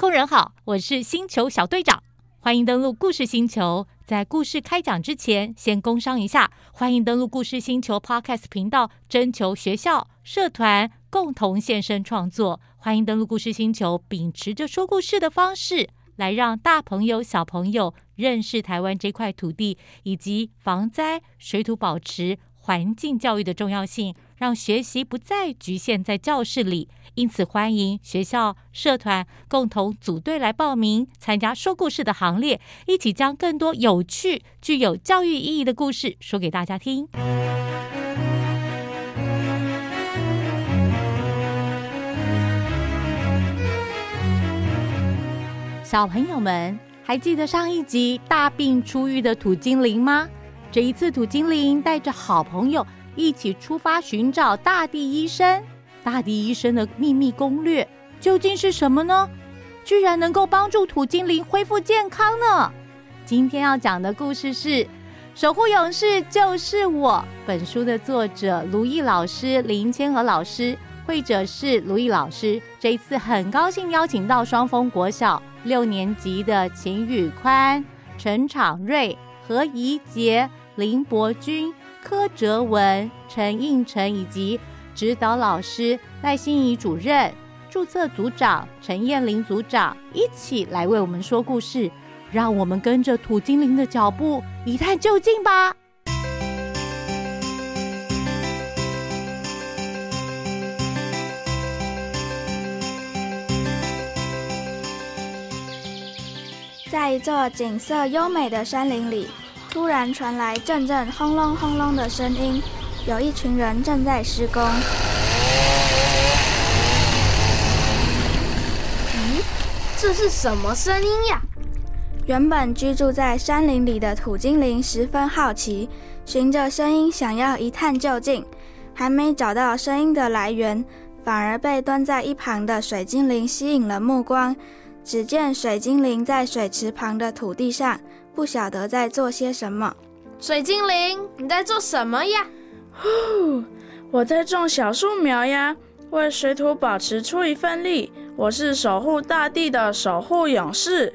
客人好，我是星球小隊長，歡迎登錄故事星球。在故事開講之前，先工商一下，歡迎登錄故事星球 Podcast 頻道，徵求學校、社團共同現身創作。歡迎登錄故事星球，秉持着說故事的方式，來讓大朋友、小朋友認識台灣這塊土地以及防災、水土保持、環境教育的重要性。讓學習不再局限在教室裡，因此歡迎學校社團共同組隊來報名參加說故事的行列，一起將更多有趣、具有教育意義的故事說給大家聽。小朋友們還記得上一集大病初癒的土精靈嗎？這一次土精靈帶着好朋友。一起出發尋找大地醫生，大地醫生的秘密攻略究竟是什麼呢？居然能夠幫助土精靈恢復健康呢？今天要講的故事是《守護勇士就是我》。本書的作者盧薏老師、林謙如老師，繪者是盧薏老師。這一次很高興邀請到雙峰國小六年級的秦語寬、陳昶睿、何宜潔、林博鈞、柯喆文、陳映辰以及指導老師賴欣怡主任、註冊組長陳彥伶組長一起來為我們說故事，讓我們跟着土精靈的腳步一探究竟吧。在一座景色優美的山林裡。突然傳來陣陣轟隆轟隆的聲音，有一群人正在施工。嗯，這是什麼聲音呀？原本居住在山林裡的土精靈十分好奇，循着聲音想要一探究竟，還沒找到聲音的來源，反而被蹲在一旁的水精靈吸引了目光。只見水精靈在水池旁的土地上，不曉得在做些什麼。水精靈，你在做什麼呀？哦。我在種小樹苗呀，為水土保持出一份力。我是守護大地的守護勇士。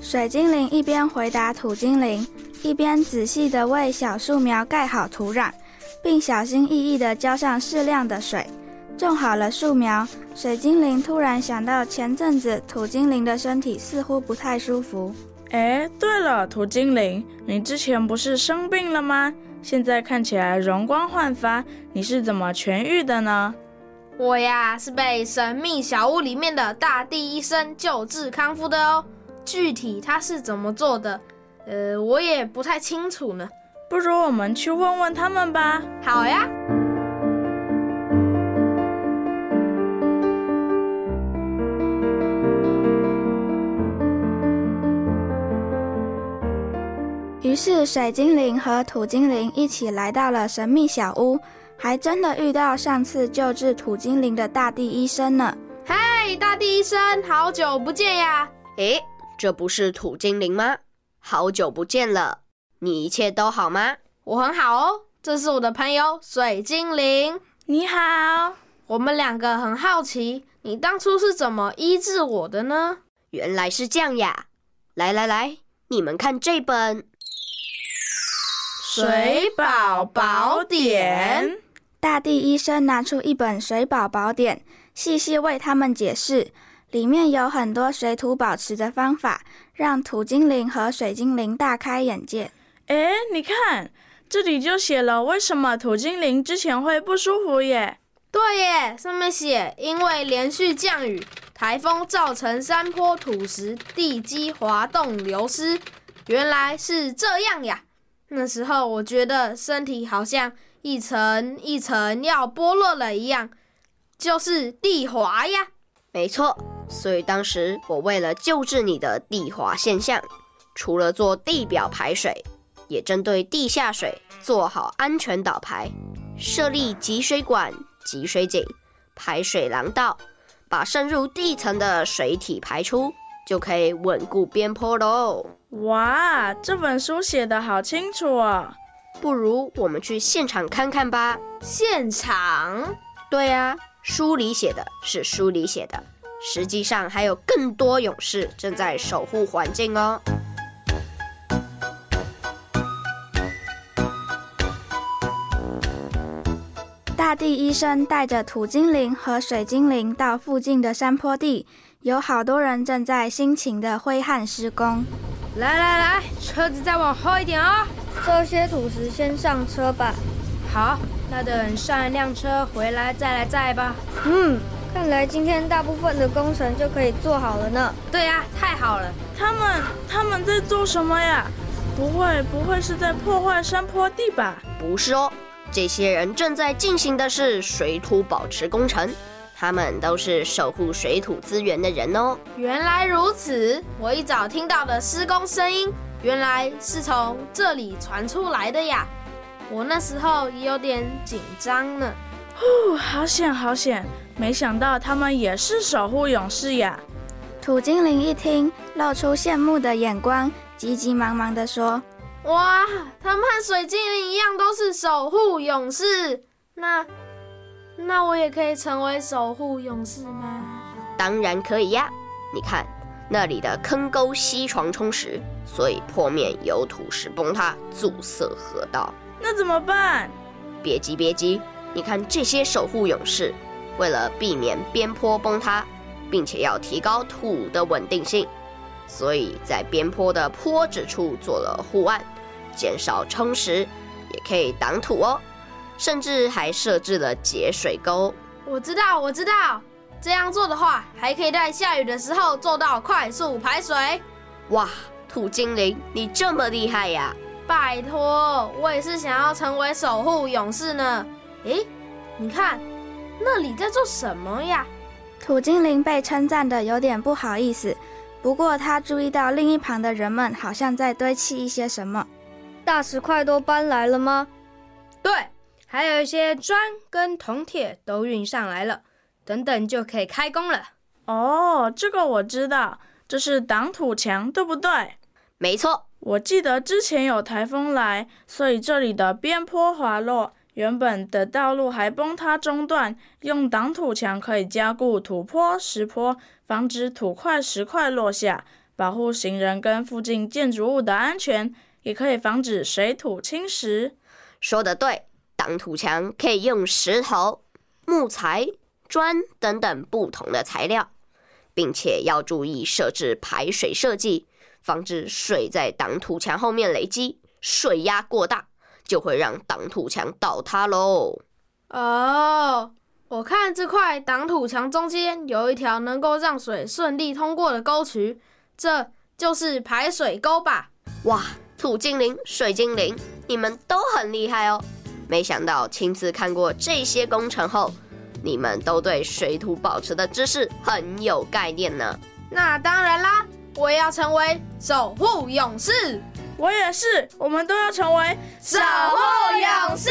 水精靈一邊回答土精靈，一邊仔細地為小樹苗蓋好土壤，並小心翼翼地澆上適量的水。種好了樹苗，水精靈突然想到前陣子土精靈的身體似乎不太舒服。哎，對了，土精靈，你之前不是生病了嗎？現在看起來容光煥發，你是怎麼痊癒的呢？我呀，是被神秘小屋裡面的大地醫生救治康復的哦。具體他是怎麼做的，呃，我也不太清楚呢。不如我們去問問他們吧。好呀。嗯。於是水精靈和土精靈一起來到了神秘小屋，還真的遇到上次救治土精靈的大地醫生呢。嘿，hey, 大地醫生，好久不見呀！誒，這不是土精靈嗎？好久不見了，你一切都好嗎？我很好哦。這是我的朋友水精靈，你好。我們兩個很好奇，你當初是怎麼醫治我的呢？原來是這樣呀。來來來，你們看這本。水寶寶典，大地醫生拿出一本水寶寶典，細細為他們解釋，裡面有很多水土保持的方法，讓土精靈和水精靈大開眼界。誒，你看，這裡就寫了為什麼土精靈之前會不舒服耶？對耶，上面寫因為連續降雨、颱風造成山坡土石地基滑動流失，原來是這樣呀。那時候我覺得身體好像一層一層要剝落了一樣，就是地滑呀，沒錯。所以當時我為了救治你的地滑現象，除了做地表排水，也針對地下水做好安全導排，設立集水管、集水井、排水廊道，把滲入地層的水體排出，就可以穩固邊坡囉哇，這本書寫的好清楚哦！不如我們去現場看看吧。現場？對呀、啊，書裡寫的是書裡寫的，實際上還有更多勇士正在守護環境哦。大地醫生帶着土精靈和水精靈到附近的山坡地，有好多人正在辛勤的揮汗施工。來來來，車子再往後一點哦！這些土石先上車吧。好，那等上一輛車回來再來載吧。嗯，看來今天大部分的工程就可以做好了呢。對呀，太好了！他們他們在做什麼呀？不會不會是在破壞山坡地吧？不是哦，這些人正在進行的是水土保持工程。他們都是守護水土資源的人哦、喔。原來如此，我一早聽到的施工聲音，原來是從這裡傳出來的呀。我那時候也有點緊張呢。哦，好險好險！沒想到他們也是守護勇士呀。土精靈一聽，露出羨慕的眼光，急急忙忙地說：“哇，他們和水精靈一樣，都是守護勇士。”那。那我也可以成為守護勇士嗎？當然可以呀！你看，那裡的坑溝溪床沖蝕，所以坡面有土石崩塌，阻塞河道。那怎麼辦？別急別急，你看這些守護勇士，為了避免邊坡崩塌，並且要提高土的穩定性，所以在邊坡的坡趾處做了護岸，減少沖蝕，也可以擋土哦。甚至還設置了截水溝。我知道，我知道，這樣做的話，還可以在下雨的時候做到快速排水。哇，土精靈，你這麼厲害呀！啊！拜託，我也是想要成為守護勇士呢。誒，你看，那裡在做什麼呀？土精靈被稱讚得有點不好意思，不過他注意到另一旁的人們好像在堆砌一些什麼。大石塊都搬來了嗎？對。還有一些磚跟銅鐵都運上來了，等等就可以開工了。哦，這個我知道，這是擋土牆，對不對？沒錯，我記得之前有台風來，所以這裡的邊坡滑落，原本的道路還崩塌中斷。用擋土牆可以加固土坡、石坡，防止土塊、石塊落下，保護行人跟附近建築物的安全，也可以防止水土侵蝕。說得對。擋土牆可以用石頭、木材、磚等等不同的材料，並且要注意設置排水設計，防止水在擋土牆後面累積，水壓過大就會讓擋土牆倒塌嘍。哦，oh, 我看這塊擋土牆中間有一條能夠讓水順利通過的溝渠，這就是排水溝吧？哇，土精靈、水精靈，你們都很厲害哦！沒想到親自看過這些工程後，你們都對水土保持的知識很有概念呢。那當然啦，我也要成為守護勇士，我也是，我們都要成為守護勇士。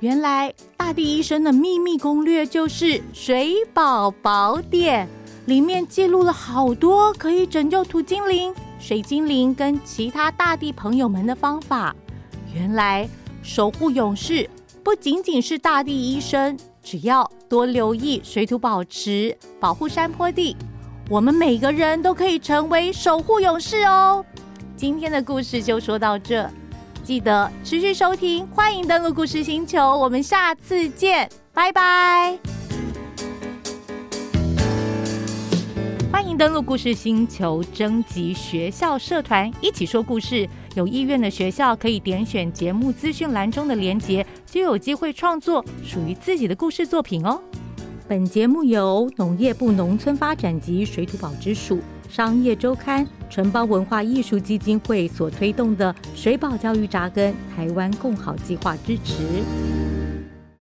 原來大地醫生的秘密攻略就是《水保寶典》。裡面記錄了好多可以拯救土精靈、水精靈跟其他大地朋友們的方法。原來守護勇士不僅僅是大地醫生，只要多留意水土保持、保護山坡地，我們每個人都可以成為守護勇士哦！今天的故事就說到這，記得持續收聽，歡迎登陸故事星球，我們下次見，拜拜。歡迎登錄故事星球，徵集學校社團一起說故事。有意願的學校可以點選節目資訊欄中的連接，就有機會創作屬於自己的故事作品哦。本節目由農業部農村發展及水土保持署、商業週刊、城邦文化藝術基金會所推動的“水保教育紮根台灣共好計劃”支持。